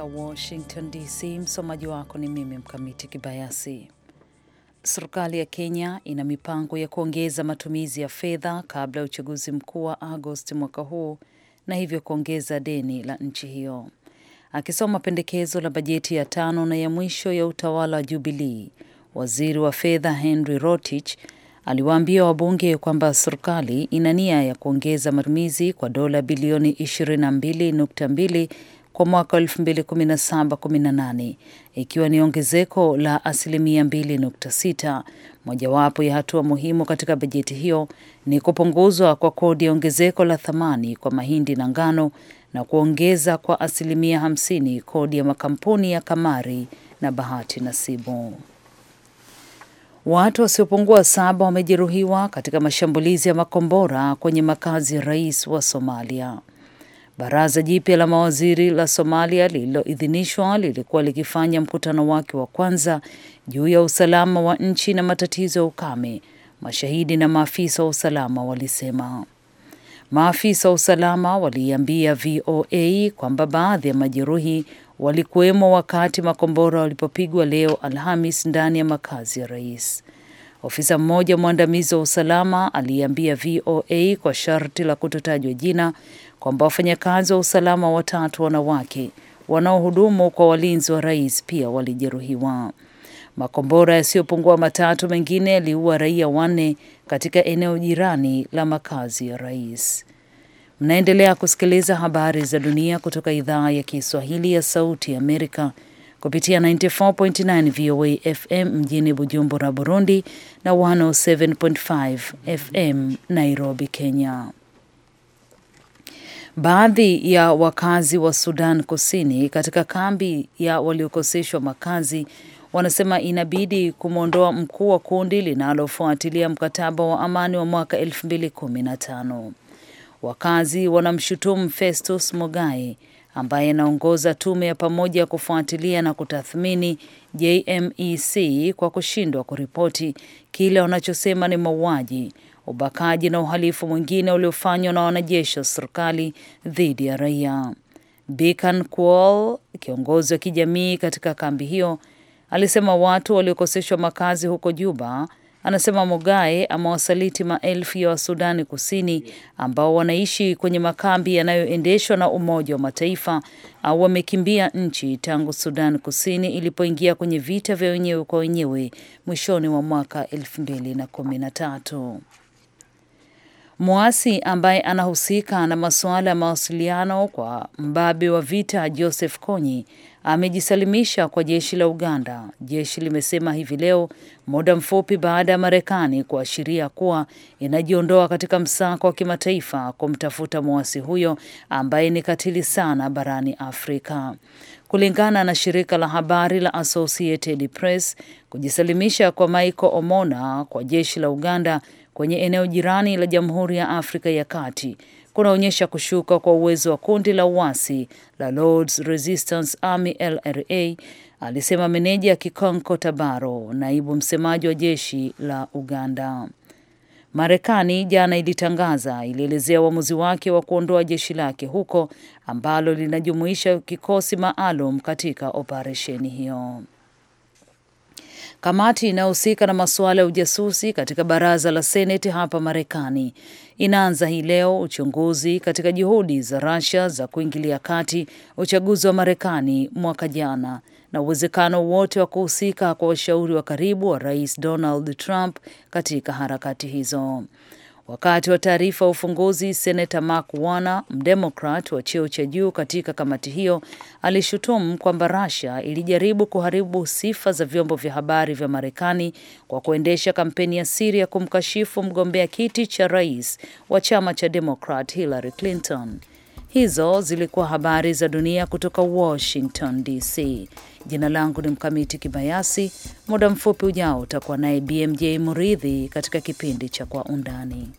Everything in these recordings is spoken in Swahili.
kutoka Washington DC. Msomaji wako ni mimi Mkamiti Kibayasi. Serikali ya Kenya ina mipango ya kuongeza matumizi ya fedha kabla ya uchaguzi mkuu wa Agosti mwaka huu na hivyo kuongeza deni la nchi hiyo. Akisoma pendekezo la bajeti ya tano na ya mwisho ya utawala wa Jubilii, waziri wa fedha Henry Rotich aliwaambia wabunge kwamba serikali ina nia ya kuongeza matumizi kwa dola bilioni 22.2 kwa mwaka 2017-18 ikiwa ni ongezeko la asilimia 2.6. Mojawapo ya hatua muhimu katika bajeti hiyo ni kupunguzwa kwa kodi ya ongezeko la thamani kwa mahindi na ngano na kuongeza kwa asilimia 50 kodi ya makampuni ya kamari na bahati nasibu. Watu wasiopungua saba wamejeruhiwa katika mashambulizi ya makombora kwenye makazi ya rais wa Somalia. Baraza jipya la mawaziri la Somalia lililoidhinishwa lilikuwa likifanya mkutano wake wa kwanza juu ya usalama wa nchi na matatizo ya ukame, mashahidi na maafisa wa usalama walisema. Maafisa wa usalama waliiambia VOA kwamba baadhi ya majeruhi walikuwemo wakati makombora walipopigwa leo Alhamis ndani ya makazi ya rais. Ofisa mmoja mwandamizi wa usalama aliambia VOA kwa sharti la kutotajwa jina kwamba wafanyakazi wa usalama watatu wanawake wanaohudumu kwa walinzi wa rais pia walijeruhiwa. Makombora yasiyopungua matatu mengine yaliua raia wanne katika eneo jirani la makazi ya rais. Mnaendelea kusikiliza habari za dunia kutoka idhaa ya Kiswahili ya Sauti Amerika kupitia 94.9 VOA FM mjini Bujumbura, Burundi na 107.5 FM Nairobi, Kenya. Baadhi ya wakazi wa Sudan Kusini katika kambi ya waliokoseshwa makazi wanasema inabidi kumwondoa mkuu wa kundi linalofuatilia mkataba wa amani wa mwaka 2015. Wakazi wanamshutumu Festus Mogae ambaye anaongoza tume ya pamoja ya kufuatilia na kutathmini JMEC kwa kushindwa kuripoti kile wanachosema ni mauaji ubakaji na uhalifu mwingine uliofanywa na wanajeshi wa serikali dhidi ya raia. Bikan Kuol, kiongozi wa kijamii katika kambi hiyo, alisema watu waliokoseshwa makazi huko Juba Anasema Mogae amewasaliti maelfu ya Wasudani Kusini ambao wanaishi kwenye makambi yanayoendeshwa na Umoja wa Mataifa au wamekimbia nchi tangu Sudan Kusini ilipoingia kwenye vita vya wenyewe kwa wenyewe mwishoni mwa mwaka elfu mbili na kumi na tatu. Mwasi ambaye anahusika na masuala ya mawasiliano kwa mbabe wa vita Joseph Kony amejisalimisha kwa jeshi la Uganda, jeshi limesema hivi leo, muda mfupi baada ya Marekani kuashiria kuwa inajiondoa katika msako wa kimataifa kumtafuta mwasi huyo ambaye ni katili sana barani Afrika. Kulingana na shirika la habari la Associated Press, kujisalimisha kwa Michael Omona kwa jeshi la Uganda kwenye eneo jirani la Jamhuri ya Afrika ya Kati kunaonyesha kushuka kwa uwezo wa kundi la uasi la Lords Resistance Army LRA, alisema meneja Kikonko Tabaro, naibu msemaji wa jeshi la Uganda. Marekani jana ilitangaza, ilielezea uamuzi wake wa kuondoa jeshi lake huko ambalo linajumuisha kikosi maalum katika operesheni hiyo. Kamati inayohusika na masuala ya ujasusi katika baraza la Seneti hapa Marekani inaanza hii leo uchunguzi katika juhudi za rasia za kuingilia kati uchaguzi wa Marekani mwaka jana na uwezekano wote wa kuhusika kwa washauri wa karibu wa Rais Donald Trump katika harakati hizo. Wakati wa taarifa ya ufunguzi, senata Mark Warner, mdemokrat wa cheo cha juu katika kamati hiyo, alishutumu kwamba Russia ilijaribu kuharibu sifa za vyombo vya habari vya Marekani kwa kuendesha kampeni ya siri ya kumkashifu mgombea kiti cha rais wa chama cha Demokrat Hillary Clinton. Hizo zilikuwa habari za dunia kutoka Washington DC. Jina langu ni Mkamiti Kibayasi. Muda mfupi ujao utakuwa naye BMJ Muridhi katika kipindi cha Kwa Undani.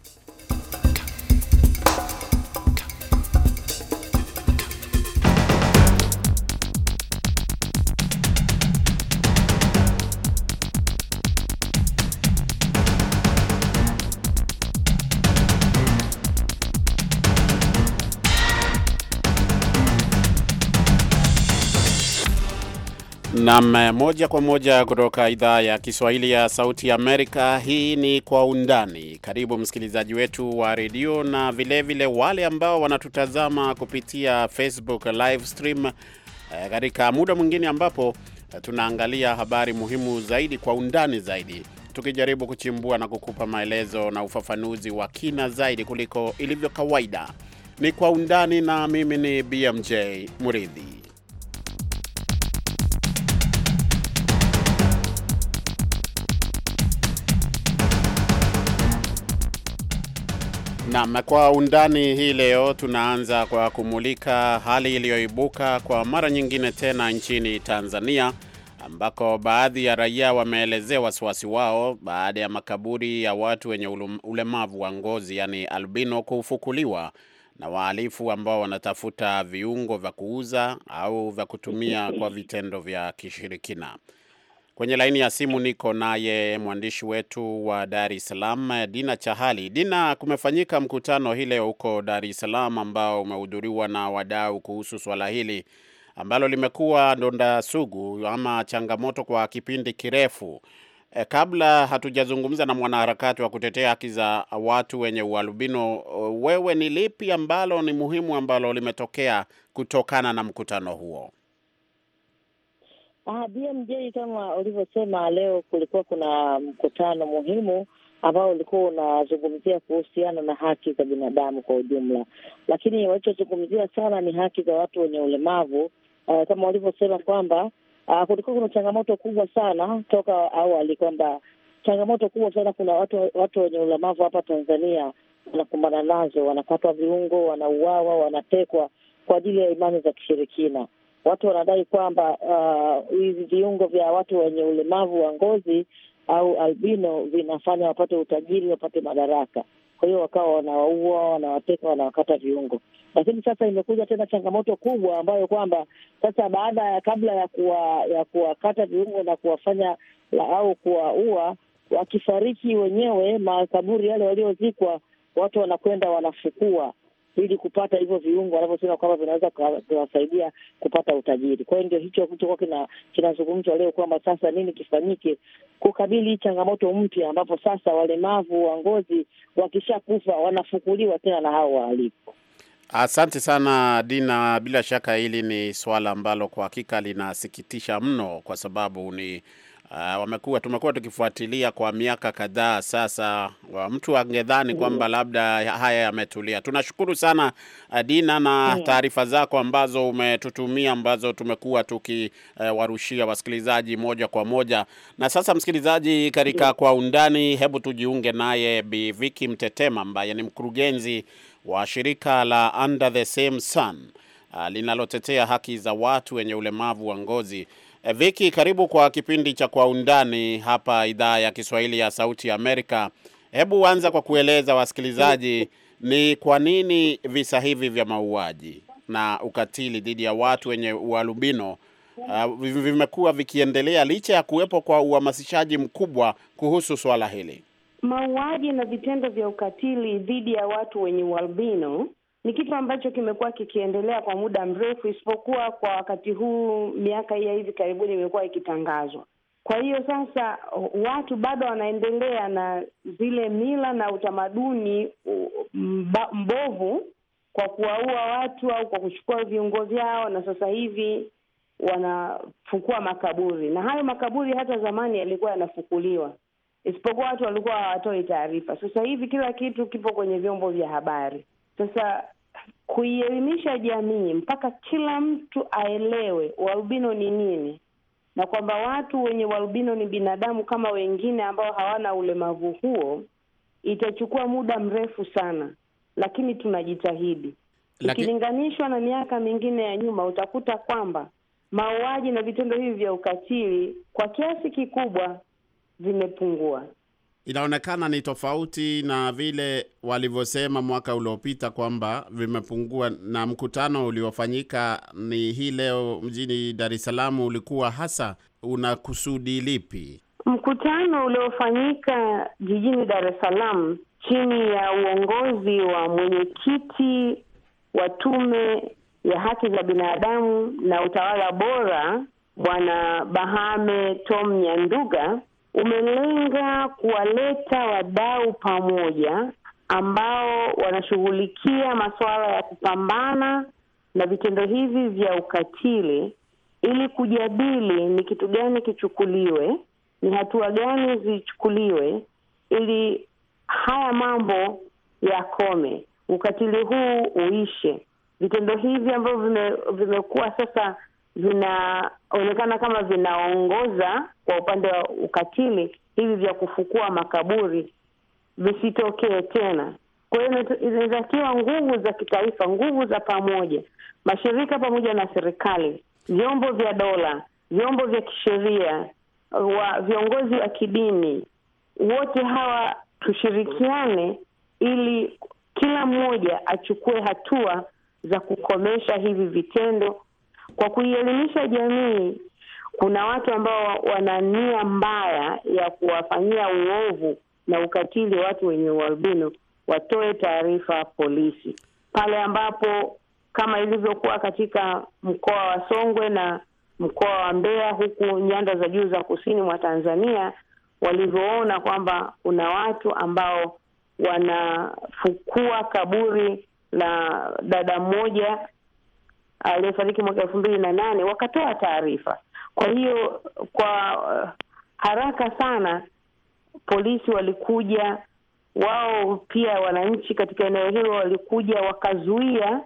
Nam moja kwa moja kutoka idhaa ya Kiswahili ya Sauti ya Amerika. Hii ni Kwa Undani. Karibu msikilizaji wetu wa redio na vilevile vile wale ambao wanatutazama kupitia Facebook live stream eh, katika e, muda mwingine ambapo e, tunaangalia habari muhimu zaidi kwa undani zaidi, tukijaribu kuchimbua na kukupa maelezo na ufafanuzi wa kina zaidi kuliko ilivyo kawaida. Ni Kwa Undani na mimi ni BMJ Muridhi. Naam, kwa undani hii leo tunaanza kwa kumulika hali iliyoibuka kwa mara nyingine tena nchini Tanzania ambako baadhi ya raia wameelezea wasiwasi wao baada ya makaburi ya watu wenye ulemavu wa ngozi yani albino kufukuliwa na wahalifu ambao wanatafuta viungo vya kuuza au vya kutumia kwa vitendo vya kishirikina. Kwenye laini ya simu niko naye mwandishi wetu wa Dar es Salaam, Dina Chahali. Dina, kumefanyika mkutano hii leo huko Dar es Salaam ambao umehudhuriwa na wadau kuhusu swala hili ambalo limekuwa donda sugu ama changamoto kwa kipindi kirefu. E, kabla hatujazungumza na mwanaharakati wa kutetea haki za watu wenye ualbino, wewe ni lipi ambalo ni muhimu ambalo limetokea kutokana na mkutano huo? Ah, BMJ kama ulivyosema, leo kulikuwa kuna mkutano muhimu ambao ulikuwa unazungumzia kuhusiana na haki za binadamu kwa ujumla, lakini walichozungumzia sana ni haki za watu wenye ulemavu. Uh, kama walivyosema kwamba uh, kulikuwa kuna changamoto kubwa sana toka awali kwamba changamoto kubwa sana kuna watu watu wenye ulemavu hapa Tanzania wanakumbana nazo, wanakatwa viungo, wanauawa, wanatekwa kwa ajili ya imani za kishirikina watu wanadai kwamba hivi uh, viungo vya watu wenye ulemavu wa ngozi au albino vinafanya wapate utajiri, wapate madaraka. Kwa hiyo wakawa wanawaua, wanawateka, wanawakata viungo. Lakini sasa imekuja tena changamoto kubwa ambayo kwamba sasa baada ya kabla ya kuwa, ya kuwakata viungo na kuwafanya la, au kuwaua, wakifariki wenyewe makaburi yale waliozikwa, watu wanakwenda wanafukua ili kupata hivyo viungo wanavyosema kwamba vinaweza kuwasaidia kupata utajiri. Kwa hiyo ndio hicho kilichokuwa kina kinazungumzwa leo kwamba sasa nini kifanyike kukabili changamoto mpya, ambapo sasa walemavu wa ngozi wakishakufa wanafukuliwa tena na hao wahalifu. Asante sana Dina, bila shaka hili ni swala ambalo kwa hakika linasikitisha mno, kwa sababu ni Ah, wamekuwa tumekuwa tukifuatilia kwa miaka kadhaa sasa. Ah, mtu angedhani mm-hmm. kwamba labda haya yametulia. Tunashukuru sana ah, Dina na mm-hmm. taarifa zako ambazo umetutumia ambazo tumekuwa tukiwarushia eh, wasikilizaji moja kwa moja. Na sasa, msikilizaji, katika mm-hmm. kwa undani, hebu tujiunge naye Bi Viki Mtetema ambaye ni mkurugenzi wa shirika la Under the Same Sun uh, linalotetea haki za watu wenye ulemavu wa ngozi. E, eh, Viki, karibu kwa kipindi cha Kwa Undani hapa idhaa ya Kiswahili ya Sauti ya Amerika. Hebu anza kwa kueleza wasikilizaji ni kwa nini visa hivi vya mauaji na ukatili dhidi ya watu wenye ualubino uh, vimekuwa vikiendelea licha ya kuwepo kwa uhamasishaji mkubwa kuhusu swala hili. Mauaji na vitendo vya ukatili dhidi ya watu wenye ualbino ni kitu ambacho kimekuwa kikiendelea kwa muda mrefu, isipokuwa kwa wakati huu, miaka hii ya hivi karibuni imekuwa ikitangazwa. Kwa hiyo sasa watu bado wanaendelea na zile mila na utamaduni mbovu kwa kuwaua watu au kwa kuchukua viungo vyao, na sasa hivi wanafukua makaburi, na hayo makaburi hata zamani yalikuwa yanafukuliwa, isipokuwa watu walikuwa hawatoi taarifa. Sasa hivi kila kitu kipo kwenye vyombo vya habari. Sasa kuielimisha jamii mpaka kila mtu aelewe ualbino ni nini, na kwamba watu wenye ualbino ni binadamu kama wengine ambao hawana ulemavu huo, itachukua muda mrefu sana, lakini tunajitahidi. Laki... ikilinganishwa na miaka mingine ya nyuma, utakuta kwamba mauaji na vitendo hivi vya ukatili kwa kiasi kikubwa vimepungua inaonekana ni tofauti na vile walivyosema mwaka uliopita kwamba vimepungua. Na mkutano uliofanyika ni hii leo mjini Dar es Salaam ulikuwa hasa una kusudi lipi? Mkutano uliofanyika jijini Dar es Salaam chini ya uongozi wa mwenyekiti wa Tume ya Haki za Binadamu na Utawala Bora Bwana Bahame Tom Nyanduga umelenga kuwaleta wadau pamoja ambao wanashughulikia masuala ya kupambana na vitendo hivi vya ukatili ili kujadili ni kitu gani kichukuliwe, ni hatua gani zichukuliwe ili haya mambo yakome, ukatili huu uishe. Vitendo hivi ambavyo vimekuwa vime sasa vinaonekana kama vinaongoza kwa upande wa ukatili, hivi vya kufukua makaburi visitokee tena. Kwa hiyo inatakiwa nguvu za kitaifa, nguvu za pamoja, mashirika pamoja na serikali, vyombo vya dola, vyombo vya kisheria, wa viongozi wa kidini, wote hawa tushirikiane, ili kila mmoja achukue hatua za kukomesha hivi vitendo kwa kuielimisha jamii. Kuna watu ambao wana nia mbaya ya kuwafanyia uovu na ukatili watu wenye ualbino, watoe taarifa polisi pale ambapo, kama ilivyokuwa katika mkoa wa Songwe na mkoa wa Mbeya, huku nyanda za juu za kusini mwa Tanzania walivyoona kwamba kuna watu ambao wanafukua kaburi la dada mmoja aliyefariki mwaka elfu mbili na nane wakatoa taarifa. Kwa hiyo kwa uh, haraka sana polisi walikuja, wao pia wananchi katika eneo hilo walikuja wakazuia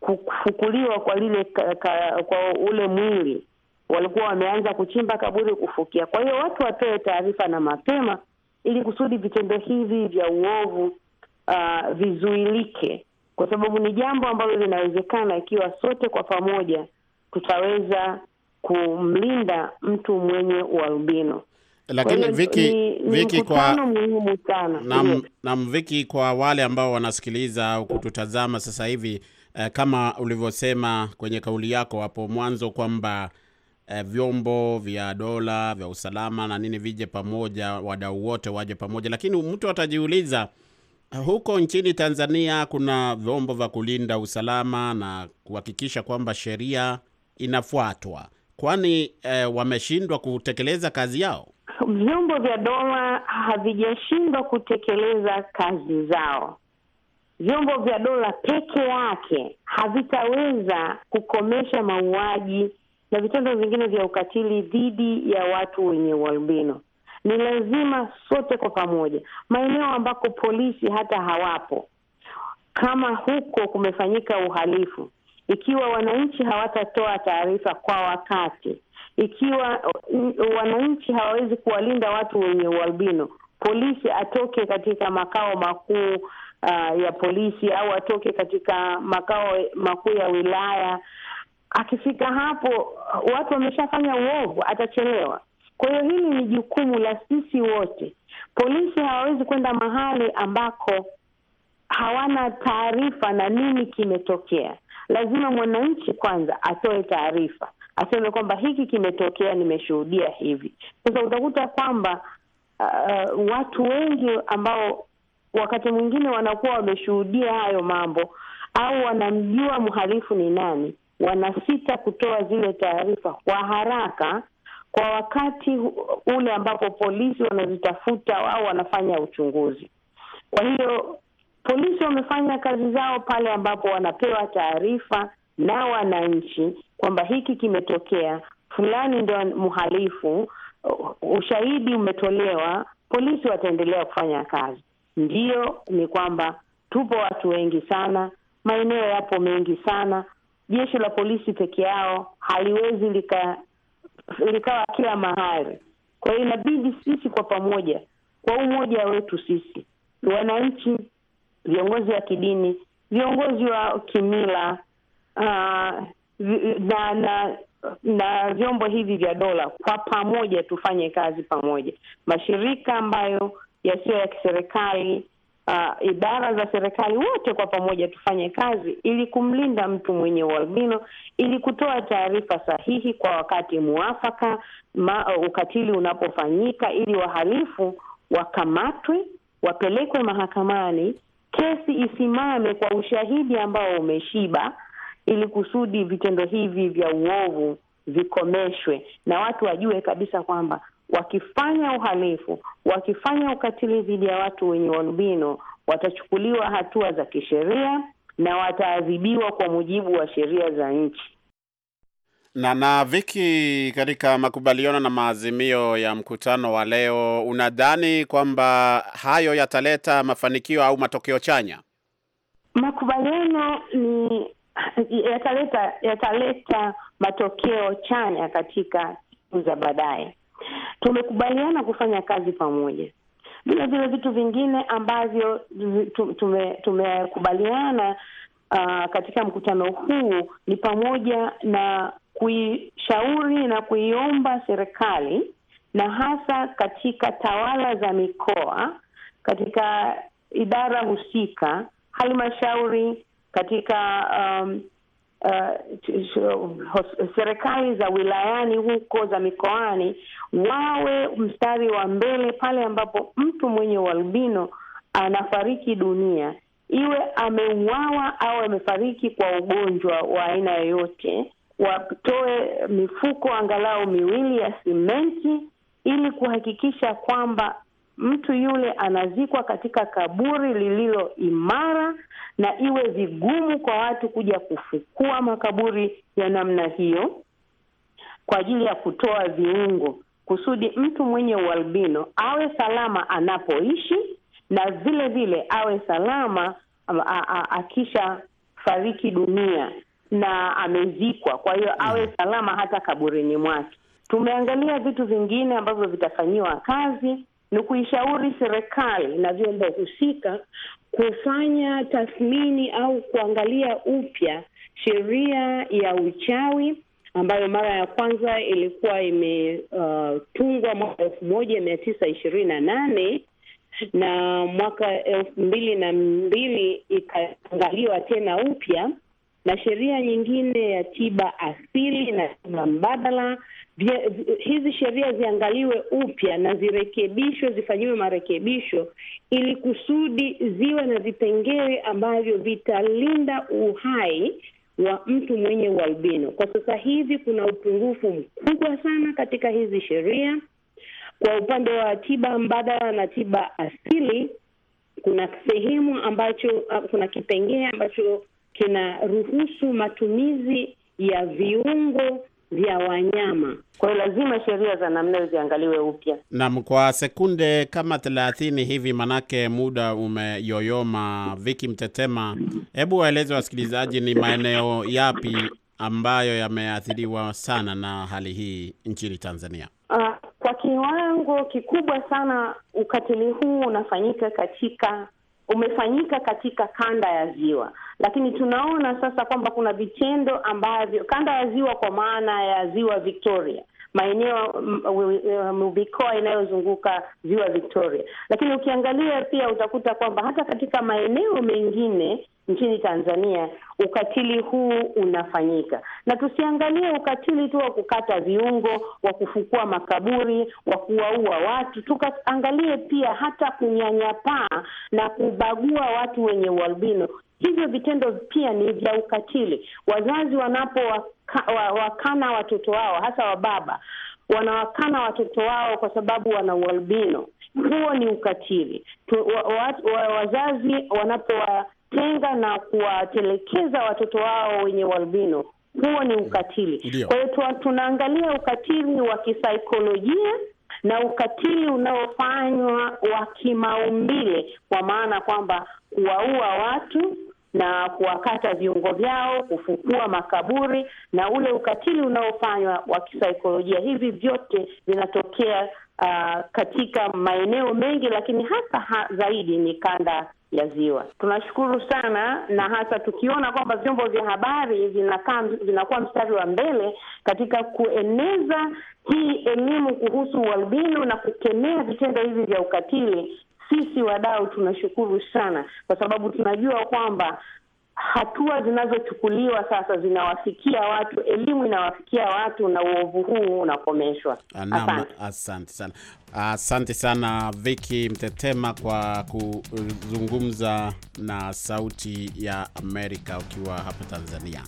kufukuliwa kwa lile ka, ka, kwa ule mwili. Walikuwa wameanza kuchimba kaburi kufukia. Kwa hiyo watu watoe taarifa na mapema, ili kusudi vitendo hivi vya uovu uh, vizuilike kwa sababu ni jambo ambalo linawezekana ikiwa sote kwa pamoja tutaweza kumlinda mtu mwenye ualbino. Lakini Viki, ni, Viki ni kwa muhimu sana nam Viki, kwa wale ambao wanasikiliza au kututazama sasa hivi eh, kama ulivyosema kwenye kauli yako hapo mwanzo kwamba eh, vyombo vya dola vya usalama na nini vije pamoja, wadau wote waje pamoja, lakini mtu atajiuliza huko nchini Tanzania kuna vyombo vya kulinda usalama na kuhakikisha kwamba sheria inafuatwa. Kwani eh, wameshindwa kutekeleza kazi yao? Vyombo vya dola havijashindwa kutekeleza kazi zao. Vyombo vya dola peke yake havitaweza kukomesha mauaji na vitendo vingine vya ukatili dhidi ya watu wenye ualbino. Ni lazima sote kwa pamoja, maeneo ambako polisi hata hawapo, kama huko kumefanyika uhalifu, ikiwa wananchi hawatatoa taarifa kwa wakati, ikiwa wananchi hawawezi kuwalinda watu wenye ualbino, polisi atoke katika makao makuu uh, ya polisi au atoke katika makao makuu ya wilaya. Akifika hapo, watu wameshafanya uovu, atachelewa. Kwa hiyo hili ni jukumu la sisi wote. Polisi hawawezi kwenda mahali ambako hawana taarifa na nini kimetokea. Lazima mwananchi kwanza atoe taarifa, aseme kwamba hiki kimetokea, nimeshuhudia hivi. Sasa utakuta kwamba uh, watu wengi ambao wakati mwingine wanakuwa wameshuhudia hayo mambo au wanamjua mhalifu ni nani, wanasita kutoa zile taarifa kwa haraka kwa wakati ule ambapo polisi wanazitafuta au wanafanya uchunguzi. Kwa hiyo polisi wamefanya kazi zao pale ambapo wanapewa taarifa na wananchi kwamba hiki kimetokea, fulani ndo mhalifu, ushahidi umetolewa, polisi wataendelea kufanya kazi. Ndiyo, ni kwamba tupo watu wengi sana, maeneo yapo mengi sana. Jeshi la polisi peke yao haliwezi lika likawa kila mahali. Kwa hiyo inabidi sisi kwa pamoja, kwa umoja wetu sisi wananchi, viongozi wa kidini, viongozi wa kimila uh, na na na vyombo hivi vya dola, kwa pamoja tufanye kazi pamoja, mashirika ambayo yasiyo ya kiserikali uh, idara za serikali wote kwa pamoja tufanye kazi ili kumlinda mtu mwenye ualbino, ili kutoa taarifa sahihi kwa wakati muafaka ma, uh, ukatili unapofanyika, ili wahalifu wakamatwe, wapelekwe mahakamani, kesi isimame kwa ushahidi ambao umeshiba, ili kusudi vitendo hivi vya uovu vikomeshwe na watu wajue kabisa kwamba wakifanya uhalifu, wakifanya ukatili dhidi ya watu wenye walubino watachukuliwa hatua za kisheria na wataadhibiwa kwa mujibu wa sheria za nchi na na Viki, katika makubaliano na maazimio ya mkutano wa leo, unadhani kwamba hayo yataleta mafanikio au matokeo chanya? Makubaliano ni yataleta yataleta matokeo chanya katika siku za baadaye, Tumekubaliana kufanya kazi pamoja vile vile vitu vingine ambavyo tumekubaliana tume uh, ah, katika mkutano huu ni pamoja na kuishauri na kuiomba serikali na hasa katika tawala za mikoa, katika idara husika, halmashauri, katika um, uh, serikali za wilayani huko za mikoani wawe mstari wa mbele pale ambapo mtu mwenye ualbino anafariki dunia, iwe ameuawa au amefariki kwa ugonjwa wa aina yoyote, watoe mifuko angalau miwili ya simenti ili kuhakikisha kwamba mtu yule anazikwa katika kaburi lililo imara, na iwe vigumu kwa watu kuja kufukua makaburi ya namna hiyo kwa ajili ya kutoa viungo, kusudi mtu mwenye ualbino awe salama anapoishi na vile vile awe salama akisha fariki dunia na amezikwa, kwa hiyo awe salama hata kaburini mwake. Tumeangalia vitu vingine ambavyo vitafanyiwa kazi ni kuishauri serikali na vyombo husika kufanya tathmini au kuangalia upya sheria ya uchawi ambayo mara ya kwanza ilikuwa imetungwa uh, mwaka elfu moja mia tisa ishirini na nane na mwaka elfu mbili na mbili ikaangaliwa tena upya na sheria nyingine ya tiba asili na tiba mbadala vya, hizi sheria ziangaliwe upya na zirekebishwe, zifanyiwe marekebisho ili kusudi ziwe na vipengele ambavyo vitalinda uhai wa mtu mwenye ualbino. Kwa sasa hivi kuna upungufu mkubwa sana katika hizi sheria. Kwa upande wa tiba mbadala na tiba asili, kuna sehemu ambacho, kuna kipengee ambacho kinaruhusu matumizi ya viungo vya wanyama. Kwa hiyo lazima sheria za namna hiyo ziangaliwe upya. Naam, kwa sekunde kama thelathini hivi, manake muda umeyoyoma. Viki Mtetema, hebu waeleze wasikilizaji ni maeneo yapi ambayo yameathiriwa sana na hali hii nchini Tanzania? Uh, kwa kiwango kikubwa sana ukatili huu unafanyika katika umefanyika katika kanda ya ziwa, lakini tunaona sasa kwamba kuna vitendo ambavyo kanda ya ziwa kwa maana ya ziwa Victoria maeneo mikoa inayozunguka ziwa Victoria, lakini ukiangalia pia utakuta kwamba hata katika maeneo mengine nchini Tanzania ukatili huu unafanyika, na tusiangalie ukatili tu wa kukata viungo, wa kufukua makaburi, wa kuwaua watu, tukaangalie pia hata kunyanyapaa na kubagua watu wenye ualbino. Hivyo vitendo pia ni vya ukatili. Wazazi wanapowakana watoto wao, hasa wababa wanawakana watoto wao kwa sababu wana ualbino, huo ni ukatili tu. Wazazi wa, kuwatenga na kuwatelekeza watoto wao wenye ualbino, huo ni ukatili. Kwa hiyo tunaangalia ukatili wa kisaikolojia na ukatili unaofanywa wa kimaumbile, kwa maana kwamba kuwaua watu na kuwakata viungo vyao, kufukua makaburi na ule ukatili unaofanywa wa kisaikolojia. Hivi vyote vinatokea uh, katika maeneo mengi, lakini hasa ha zaidi ni kanda ya ziwa. Tunashukuru sana, na hasa tukiona kwamba vyombo vya habari vinakaa vinakuwa mstari wa mbele katika kueneza hii elimu kuhusu ualbino na kukemea vitendo hivi vya ukatili. Sisi wadau tunashukuru sana, kwa sababu tunajua kwamba hatua zinazochukuliwa sasa zinawafikia watu, elimu inawafikia watu na uovu huu unakomeshwa. Asante, asante sana, asante sana Viki Mtetema kwa kuzungumza na Sauti ya Amerika ukiwa hapa Tanzania.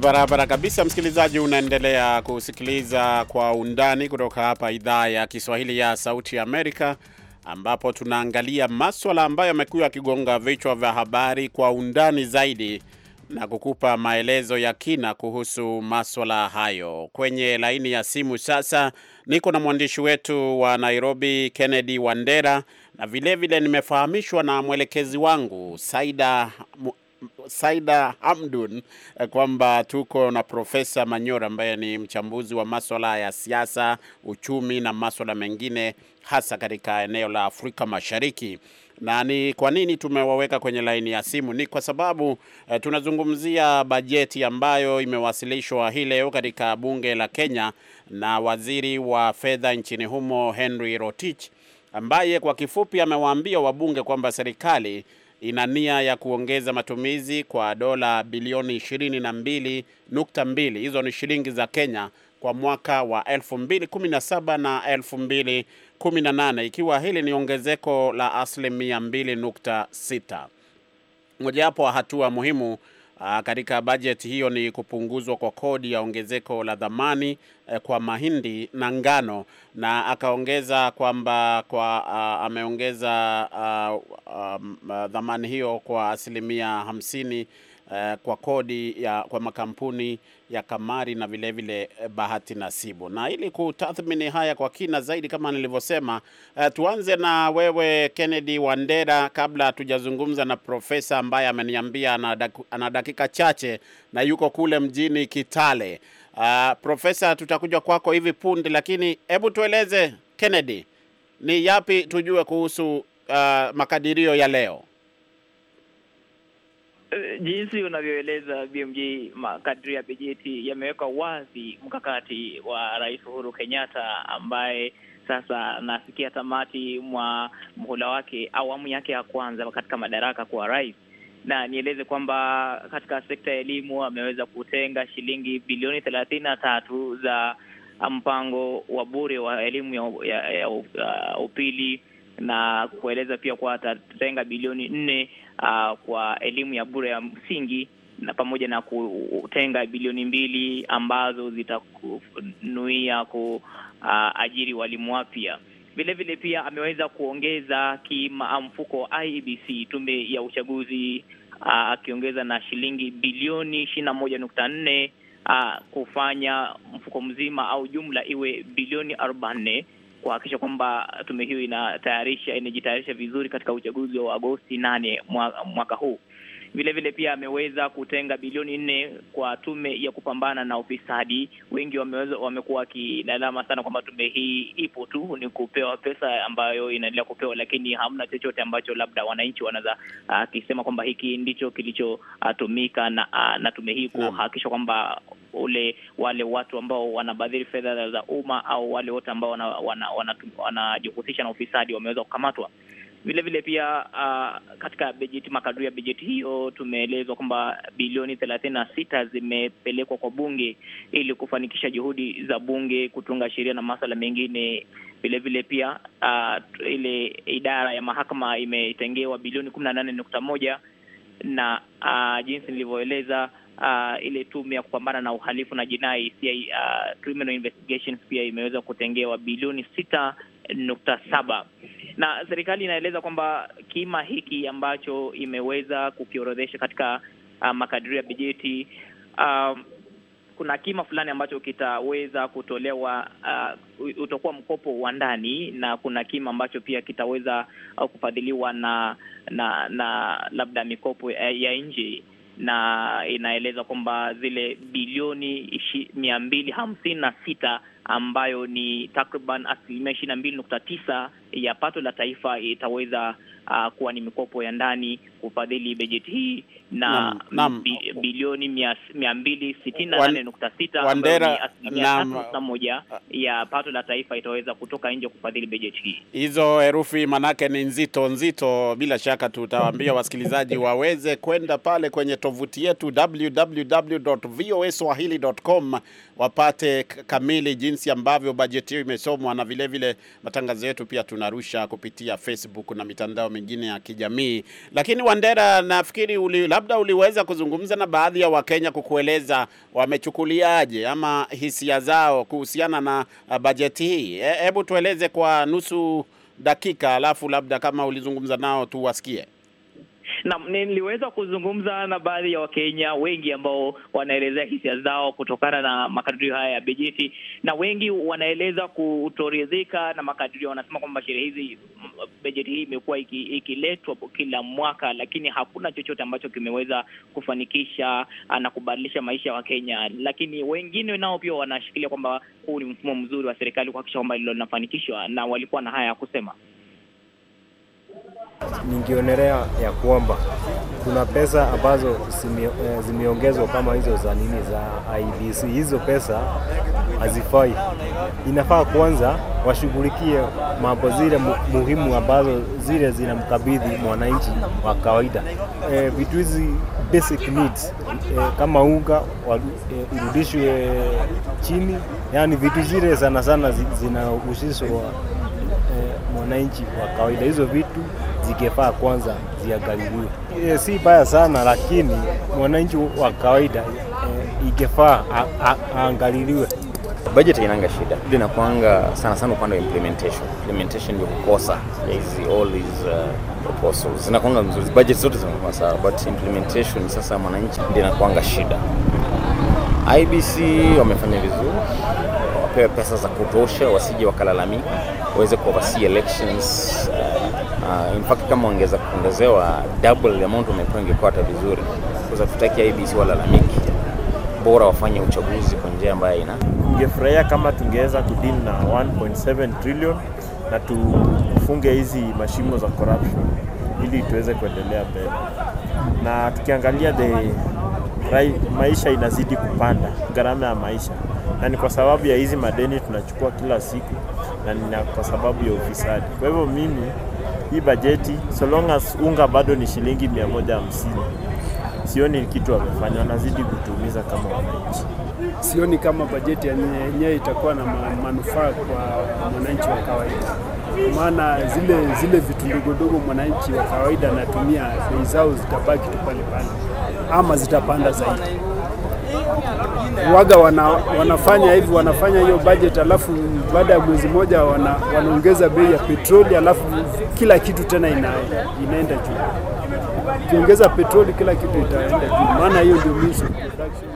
Barabara kabisa, msikilizaji, unaendelea kusikiliza kwa undani kutoka hapa idhaa ya Kiswahili ya Sauti ya Amerika, ambapo tunaangalia maswala ambayo yamekuwa yakigonga vichwa vya habari kwa undani zaidi na kukupa maelezo ya kina kuhusu maswala hayo. Kwenye laini ya simu sasa niko na mwandishi wetu wa Nairobi, Kennedy Wandera, na vilevile nimefahamishwa na mwelekezi wangu Saida Saida Hamdun eh, kwamba tuko na Profesa Manyora ambaye ni mchambuzi wa maswala ya siasa, uchumi na maswala mengine hasa katika eneo la Afrika Mashariki. Na ni kwa nini tumewaweka kwenye laini ya simu? Ni kwa sababu eh, tunazungumzia bajeti ambayo imewasilishwa hii leo katika bunge la Kenya na waziri wa fedha nchini humo Henry Rotich, ambaye kwa kifupi amewaambia wabunge kwamba serikali ina nia ya kuongeza matumizi kwa dola bilioni 22.2, hizo ni shilingi za Kenya, kwa mwaka wa 2017 na 2018, ikiwa hili ni ongezeko la asilimia 2.6. Mojawapo wa hatua muhimu Ah, katika bajeti hiyo ni kupunguzwa kwa kodi ya ongezeko la dhamani eh, kwa mahindi na ngano, na akaongeza kwamba kwa, uh, ameongeza uh, um, uh, dhamani hiyo kwa asilimia hamsini uh, kwa kodi ya, kwa makampuni ya kamari na vilevile vile eh, bahati nasibu. Na ili kutathmini haya kwa kina zaidi, kama nilivyosema, uh, tuanze na wewe Kennedy Wandera, kabla hatujazungumza na profesa ambaye ameniambia ana dakika chache na yuko kule mjini Kitale. Uh, profesa, tutakuja kwako hivi punde, lakini hebu tueleze Kennedy, ni yapi tujue kuhusu uh, makadirio ya leo? Eh, jinsi unavyoeleza BMG, makadri ya bajeti yamewekwa wazi mkakati wa Rais Uhuru Kenyatta ambaye sasa nafikia tamati mwa mhula wake, awamu yake ya kwanza katika madaraka kwa rais. Na nieleze kwamba katika sekta ya elimu ameweza kutenga shilingi bilioni thelathini na tatu za mpango wa bure wa elimu ya, ya, ya, ya upili na kueleza pia kuwa atatenga bilioni nne uh, kwa elimu ya bure ya msingi na pamoja na kutenga bilioni mbili ambazo zitanuia kuajiri ah, uh, walimu wapya. Vile vile pia ameweza kuongeza mfuko wa IEBC, tume ya uchaguzi uh, akiongeza na shilingi bilioni ishirini na moja nukta nne uh, kufanya mfuko mzima au jumla iwe bilioni arobaini kuhakikisha kwamba tume hiyo inatayarisha inajitayarisha vizuri katika uchaguzi wa Agosti nane mwaka huu. Vile vile pia ameweza kutenga bilioni nne kwa tume ya kupambana na ufisadi. Wengi wameweza wamekuwa wakilalama sana kwamba tume hii ipo tu ni kupewa pesa ambayo inaendelea kupewa, lakini hamna chochote ambacho labda wananchi wanaweza akisema ah, uh, kwamba hiki ndicho kilichotumika uh, na, uh, na tume hii kuhakikisha kwamba ule wale watu ambao wanabadhiri fedha za umma au wale wote ambao wanajihusisha wana, wana, wana na ufisadi wameweza kukamatwa. Vile vile pia uh, katika bajeti makadirio ya bajeti hiyo tumeelezwa kwamba bilioni thelathini na sita zimepelekwa kwa bunge ili kufanikisha juhudi za bunge kutunga sheria na maswala mengine. Vile vile pia uh, ile idara ya mahakama imetengewa bilioni kumi na nane nukta moja na uh, jinsi nilivyoeleza uh, ile tume ya kupambana na uhalifu na jinai CI, uh, Criminal Investigations pia imeweza kutengewa bilioni sita nukta saba na serikali inaeleza kwamba kima hiki ambacho imeweza kukiorodhesha katika uh, makadirio ya bajeti uh, kuna kima fulani ambacho kitaweza kutolewa uh, utakuwa mkopo wa ndani na kuna kima ambacho pia kitaweza au uh, kufadhiliwa na na na labda mikopo ya, ya nje na inaeleza kwamba zile bilioni mia mbili hamsini na sita ambayo ni takriban asilimia ishirini na mbili nukta tisa ya pato la taifa itaweza uh, kuwa ni mikopo ya ndani kufadhili bajeti hii na bilioni mia mbili sitini na nane nukta sita Wandera, asilimia tatu na moja ya pato la taifa itaweza kutoka nje kufadhili bajeti hii. Hizo herufi manake ni nzito nzito, bila shaka tutawaambia wasikilizaji waweze kwenda pale kwenye tovuti yetu www.voaswahili.com wapate kamili jinsi ambavyo bajeti hiyo imesomwa na vilevile matangazo yetu pia tuna tunarusha kupitia Facebook na mitandao mingine ya kijamii. Lakini Wandera, nafikiri uli, labda uliweza kuzungumza na baadhi ya Wakenya kukueleza wamechukuliaje ama hisia zao kuhusiana na uh, bajeti hii. E, hebu tueleze kwa nusu dakika, alafu labda kama ulizungumza nao tuwasikie. Naam, niliweza kuzungumza na baadhi ya Wakenya wengi ambao wanaelezea hisia zao kutokana na makadirio haya ya bajeti, na wengi wanaeleza kutoridhika na makadirio. Wanasema kwamba sherehe hizi, bajeti hii imekuwa ikiletwa iki kila mwaka, lakini hakuna chochote ambacho kimeweza kufanikisha ah, na kubadilisha maisha ya Wakenya. Lakini wengine nao pia wanashikilia kwamba huu ni mfumo mzuri wa serikali kuhakikisha kwamba hilo linafanikishwa, na walikuwa na haya ya kusema. Ningionelea ya kwamba kuna pesa ambazo eh, zimeongezwa kama hizo za nini za IBC. Hizo pesa hazifai, inafaa kwanza washughulikie mambo zile muhimu ambazo zile zinamkabidhi mwananchi wa kawaida, eh, vitu hizi basic needs e, kama unga urudishwe e, chini, yani vitu zile sana sana zinahusishwa e, mwananchi wa kawaida, hizo vitu zikifaa kwanza ziangaliwe. E, si baya sana lakini mwananchi wa kawaida e, eh, ikifaa aangaliliwe. Budget inanga shida linakuanga sana sana upande wa implementation. Implementation ndio kukosa hizi all these uh, proposals zinakuanga mzuri, budget zote zinakuwa sawa, but implementation sasa mwananchi ndio inakuanga shida. IBC wamefanya vizuri, wapewe pesa za kutosha, wasije wakalalamika, waweze kuoversee elections uh, Uh, in fact kama wangeweza kuongezewa double amount wamepewa ingekuwa hata vizuri, kwa sababu tutaki IEBC walalamiki, bora wafanye uchaguzi kwa njia ambayo ina. Tungefurahia kama tungeweza kudini na 1.7 trillion na tufunge hizi mashimo za corruption ili tuweze kuendelea mbele, na tukiangalia the maisha inazidi kupanda, gharama ya maisha, na ni kwa sababu ya hizi madeni tunachukua kila siku, na ni kwa sababu ya ufisadi. Kwa hivyo mimi hii bajeti, so long as unga bado ni shilingi 150 sioni kitu wamefanya, wanazidi kutuumiza kama wananchi. Sioni kama bajeti yenyewe itakuwa na manufaa kwa mwananchi wa kawaida, maana zile zile vitu ndogo ndogo mwananchi wa kawaida anatumia, bei zao zitabaki tu pale pale ama zitapanda zaidi waga wana, wanafanya hivi, wanafanya hiyo budget, alafu baada ya mwezi moja wana, wanaongeza bei ya petroli, alafu kila kitu tena ina, inaenda juu. Ukiongeza petroli, kila kitu itaenda juu, maana hiyo ndio means of production.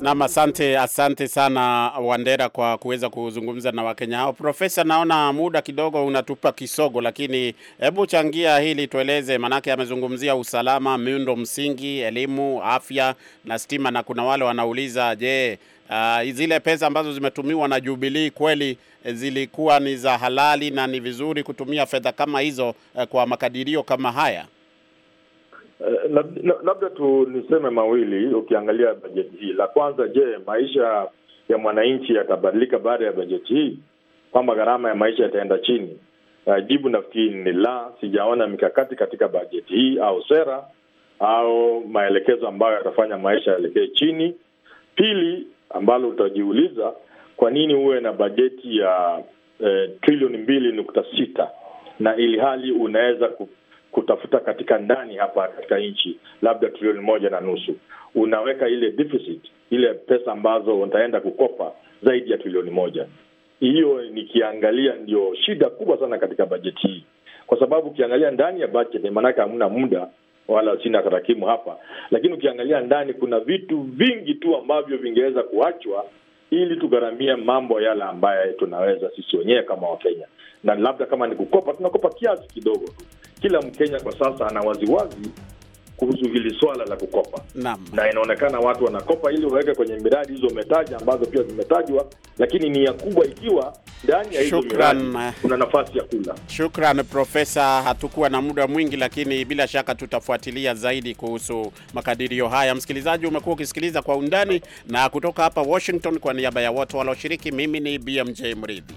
Nam, asante asante sana Wandera kwa kuweza kuzungumza na Wakenya hao. Profesa, naona muda kidogo unatupa kisogo, lakini hebu changia hili tueleze, maanake amezungumzia usalama, miundo msingi, elimu, afya na stima, na kuna wale wanauliza je, uh, zile pesa ambazo zimetumiwa na jubilii kweli eh, zilikuwa ni za halali na ni vizuri kutumia fedha kama hizo uh, kwa makadirio kama haya? Eh, labda tu niseme mawili. Ukiangalia bajeti hii, la kwanza, je, maisha ya mwananchi yatabadilika baada ya bajeti hii, kwamba gharama ya maisha yataenda chini? Uh, jibu nafikiri ni la. Sijaona mikakati katika bajeti hii au sera au maelekezo ambayo yatafanya maisha yaelekee chini. Pili, ambalo utajiuliza, kwa nini huwe na bajeti ya eh, trilioni mbili nukta sita na ili hali unaweza kutafuta katika ndani hapa katika nchi, labda trilioni moja na nusu, unaweka ile deficit, ile pesa ambazo utaenda kukopa zaidi ya trilioni moja. Hiyo nikiangalia ndio shida kubwa sana katika bajeti hii, kwa sababu ukiangalia ndani ya bajeti, maanake hamna muda wala sina tarakimu hapa, lakini ukiangalia ndani kuna vitu vingi tu ambavyo vingeweza kuachwa ili tugharamia mambo yale ambayo tunaweza sisi wenyewe kama Wakenya, na labda kama ni kukopa, tunakopa kiasi kidogo tu kila Mkenya kwa sasa ana waziwazi kuhusu hili swala la kukopa na, na inaonekana watu wanakopa ili waweke kwenye miradi hizo umetaja, ambazo pia zimetajwa, lakini nia kubwa ikiwa ndani ya hizo miradi eh. kuna nafasi ya kula. Shukran Profesa, hatukuwa na muda mwingi, lakini bila shaka tutafuatilia zaidi kuhusu makadirio haya. Msikilizaji, umekuwa ukisikiliza kwa undani, na kutoka hapa Washington, kwa niaba ya wote walioshiriki, mimi ni BMJ Mridhi.